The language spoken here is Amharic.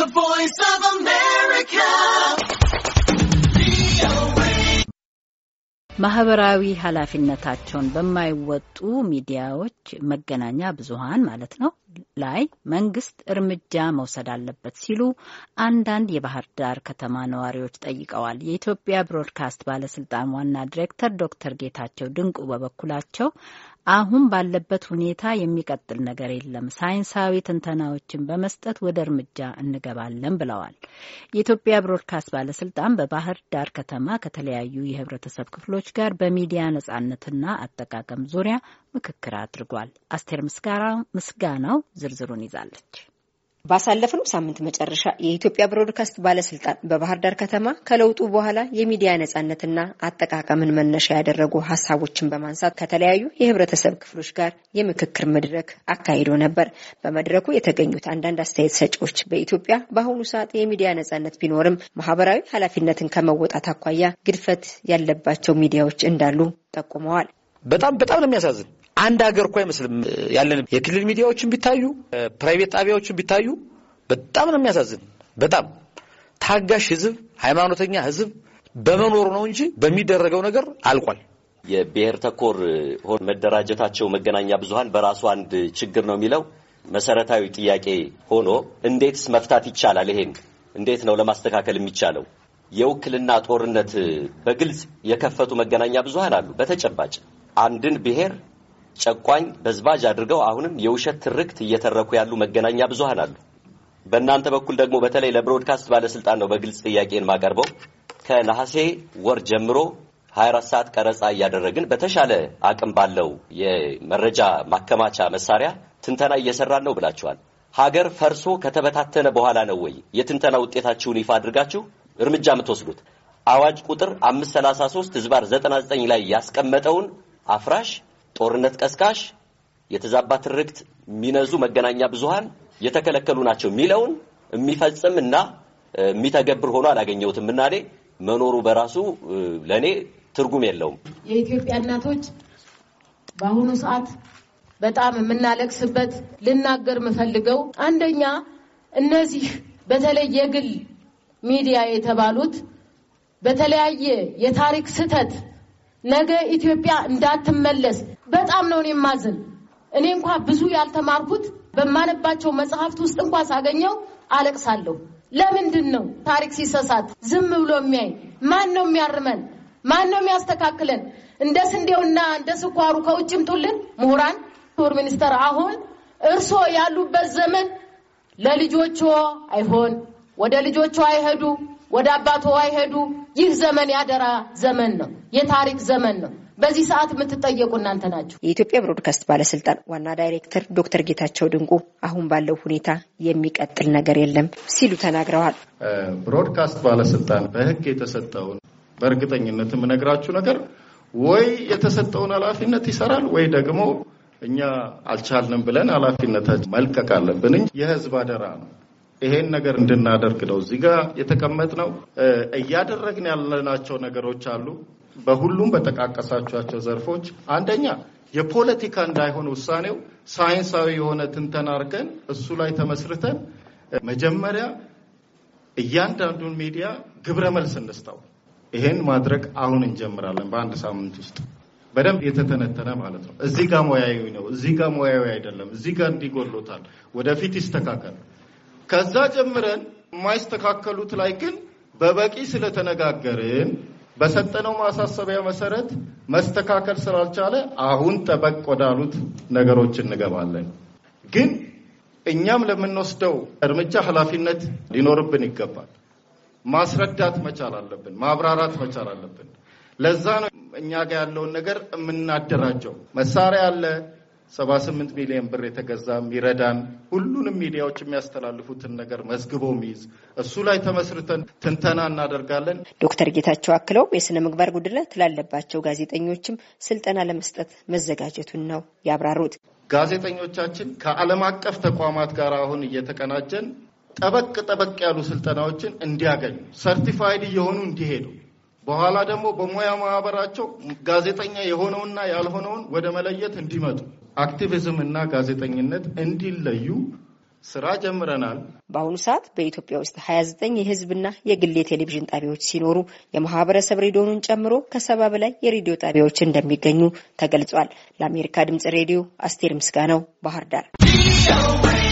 The Voice of America. ማህበራዊ ኃላፊነታቸውን በማይወጡ ሚዲያዎች፣ መገናኛ ብዙሃን ማለት ነው ላይ መንግስት እርምጃ መውሰድ አለበት ሲሉ አንዳንድ የባህር ዳር ከተማ ነዋሪዎች ጠይቀዋል። የኢትዮጵያ ብሮድካስት ባለስልጣን ዋና ዲሬክተር ዶክተር ጌታቸው ድንቁ በበኩላቸው አሁን ባለበት ሁኔታ የሚቀጥል ነገር የለም። ሳይንሳዊ ትንተናዎችን በመስጠት ወደ እርምጃ እንገባለን ብለዋል። የኢትዮጵያ ብሮድካስት ባለስልጣን በባህር ዳር ከተማ ከተለያዩ የህብረተሰብ ክፍሎች ጋር በሚዲያ ነጻነትና አጠቃቀም ዙሪያ ምክክር አድርጓል። አስቴር ምስጋናው ዝርዝሩን ይዛለች። ባሳለፍነው ሳምንት መጨረሻ የኢትዮጵያ ብሮድካስት ባለስልጣን በባህር ዳር ከተማ ከለውጡ በኋላ የሚዲያ ነጻነትና አጠቃቀምን መነሻ ያደረጉ ሀሳቦችን በማንሳት ከተለያዩ የህብረተሰብ ክፍሎች ጋር የምክክር መድረክ አካሂዶ ነበር። በመድረኩ የተገኙት አንዳንድ አስተያየት ሰጪዎች በኢትዮጵያ በአሁኑ ሰዓት የሚዲያ ነጻነት ቢኖርም ማህበራዊ ኃላፊነትን ከመወጣት አኳያ ግድፈት ያለባቸው ሚዲያዎች እንዳሉ ጠቁመዋል። በጣም በጣም ነው የሚያሳዝን አንድ ሀገር እኮ አይመስልም ያለን። የክልል ሚዲያዎችን ቢታዩ፣ ፕራይቬት ጣቢያዎችን ቢታዩ በጣም ነው የሚያሳዝን። በጣም ታጋሽ ህዝብ፣ ሃይማኖተኛ ህዝብ በመኖሩ ነው እንጂ በሚደረገው ነገር አልቋል። የብሔር ተኮር ሆን መደራጀታቸው መገናኛ ብዙሀን በራሱ አንድ ችግር ነው የሚለው መሰረታዊ ጥያቄ ሆኖ እንዴትስ መፍታት ይቻላል? ይሄን እንዴት ነው ለማስተካከል የሚቻለው? የውክልና ጦርነት በግልጽ የከፈቱ መገናኛ ብዙሀን አሉ። በተጨባጭ አንድን ብሔር ጨቋኝ፣ በዝባጅ አድርገው አሁንም የውሸት ትርክት እየተረኩ ያሉ መገናኛ ብዙሃን አሉ። በእናንተ በኩል ደግሞ በተለይ ለብሮድካስት ባለስልጣን ነው በግልጽ ጥያቄን ማቀርበው። ከነሐሴ ወር ጀምሮ 24 ሰዓት ቀረጻ እያደረግን በተሻለ አቅም ባለው የመረጃ ማከማቻ መሳሪያ ትንተና እየሰራን ነው ብላችኋል። ሀገር ፈርሶ ከተበታተነ በኋላ ነው ወይ የትንተና ውጤታችሁን ይፋ አድርጋችሁ እርምጃ የምትወስዱት? አዋጅ ቁጥር 533 ህዝባር 99 ላይ ያስቀመጠውን አፍራሽ ጦርነት ቀስቃሽ፣ የተዛባ ትርክት የሚነዙ መገናኛ ብዙሃን የተከለከሉ ናቸው የሚለውን የሚፈጽም እና የሚተገብር ሆኖ አላገኘሁትም እና እኔ መኖሩ በራሱ ለእኔ ትርጉም የለውም። የኢትዮጵያ እናቶች በአሁኑ ሰዓት በጣም የምናለቅስበት ልናገር የምፈልገው አንደኛ እነዚህ በተለይ የግል ሚዲያ የተባሉት በተለያየ የታሪክ ስህተት ነገ ኢትዮጵያ እንዳትመለስ በጣም ነው እኔ የማዝን። እኔ እንኳ ብዙ ያልተማርኩት በማነባቸው መጽሐፍት ውስጥ እንኳ ሳገኘው አለቅሳለሁ። ለምንድን ነው ታሪክ ሲሰሳት ዝም ብሎ የሚያይ? ማን ነው የሚያርመን? ማን ነው የሚያስተካክለን? እንደ ስንዴውና እንደ ስኳሩ ከውጭ ምጡልን ምሁራን። ክቡር ሚኒስተር፣ አሁን እርሶ ያሉበት ዘመን ለልጆቹ አይሆን፣ ወደ ልጆቹ አይሄዱ ወደ አባቶ አይሄዱ። ይህ ዘመን ያደራ ዘመን ነው፣ የታሪክ ዘመን ነው። በዚህ ሰዓት የምትጠየቁ እናንተ ናችሁ። የኢትዮጵያ ብሮድካስት ባለስልጣን ዋና ዳይሬክተር ዶክተር ጌታቸው ድንቁ አሁን ባለው ሁኔታ የሚቀጥል ነገር የለም ሲሉ ተናግረዋል። ብሮድካስት ባለስልጣን በህግ የተሰጠውን በእርግጠኝነት የምነግራችሁ ነገር ወይ የተሰጠውን ኃላፊነት ይሰራል ወይ ደግሞ እኛ አልቻልንም ብለን ኃላፊነታችን መልቀቅ አለብን እንጂ የህዝብ አደራ ነው። ይሄን ነገር እንድናደርግ ነው እዚህ ጋር የተቀመጥነው። እያደረግን ያለናቸው ነገሮች አሉ። በሁሉም በጠቃቀሳቸው ዘርፎች አንደኛ የፖለቲካ እንዳይሆን ውሳኔው ሳይንሳዊ የሆነ ትንተና አድርገን እሱ ላይ ተመስርተን መጀመሪያ እያንዳንዱን ሚዲያ ግብረ መልስ እንስጠው። ይሄን ማድረግ አሁን እንጀምራለን። በአንድ ሳምንት ውስጥ በደንብ የተተነተነ ማለት ነው። እዚህ ጋር ሙያዊ ነው፣ እዚህ ጋር ሙያዊ አይደለም፣ እዚህ ጋር እንዲጎሎታል፣ ወደፊት ይስተካከል ከዛ ጀምረን የማይስተካከሉት ላይ ግን በበቂ ስለተነጋገርን በሰጠነው ማሳሰቢያ መሰረት መስተካከል ስላልቻለ አሁን ጠበቅ ወዳሉት ነገሮች እንገባለን። ግን እኛም ለምንወስደው እርምጃ ኃላፊነት ሊኖርብን ይገባል። ማስረዳት መቻል አለብን። ማብራራት መቻል አለብን። ለዛ ነው እኛ ጋር ያለውን ነገር የምናደራጀው። መሳሪያ አለ 78 ሚሊዮን ብር የተገዛ የሚረዳን ሁሉንም ሚዲያዎች የሚያስተላልፉትን ነገር መዝግቦ ሚይዝ እሱ ላይ ተመስርተን ትንተና እናደርጋለን። ዶክተር ጌታቸው አክለው የስነ ምግባር ጉድለት ላለባቸው ጋዜጠኞችም ስልጠና ለመስጠት መዘጋጀቱን ነው ያብራሩት። ጋዜጠኞቻችን ከዓለም አቀፍ ተቋማት ጋር አሁን እየተቀናጀን ጠበቅ ጠበቅ ያሉ ስልጠናዎችን እንዲያገኙ ሰርቲፋይድ እየሆኑ እንዲሄዱ በኋላ ደግሞ በሙያ ማህበራቸው ጋዜጠኛ የሆነውና ያልሆነውን ወደ መለየት እንዲመጡ አክቲቪዝም እና ጋዜጠኝነት እንዲለዩ ስራ ጀምረናል። በአሁኑ ሰዓት በኢትዮጵያ ውስጥ 29 የህዝብና የግል የቴሌቪዥን ጣቢያዎች ሲኖሩ የማህበረሰብ ሬዲዮኑን ጨምሮ ከሰባ በላይ የሬዲዮ ጣቢያዎች እንደሚገኙ ተገልጿል። ለአሜሪካ ድምጽ ሬዲዮ አስቴር ምስጋናው ባህር ዳር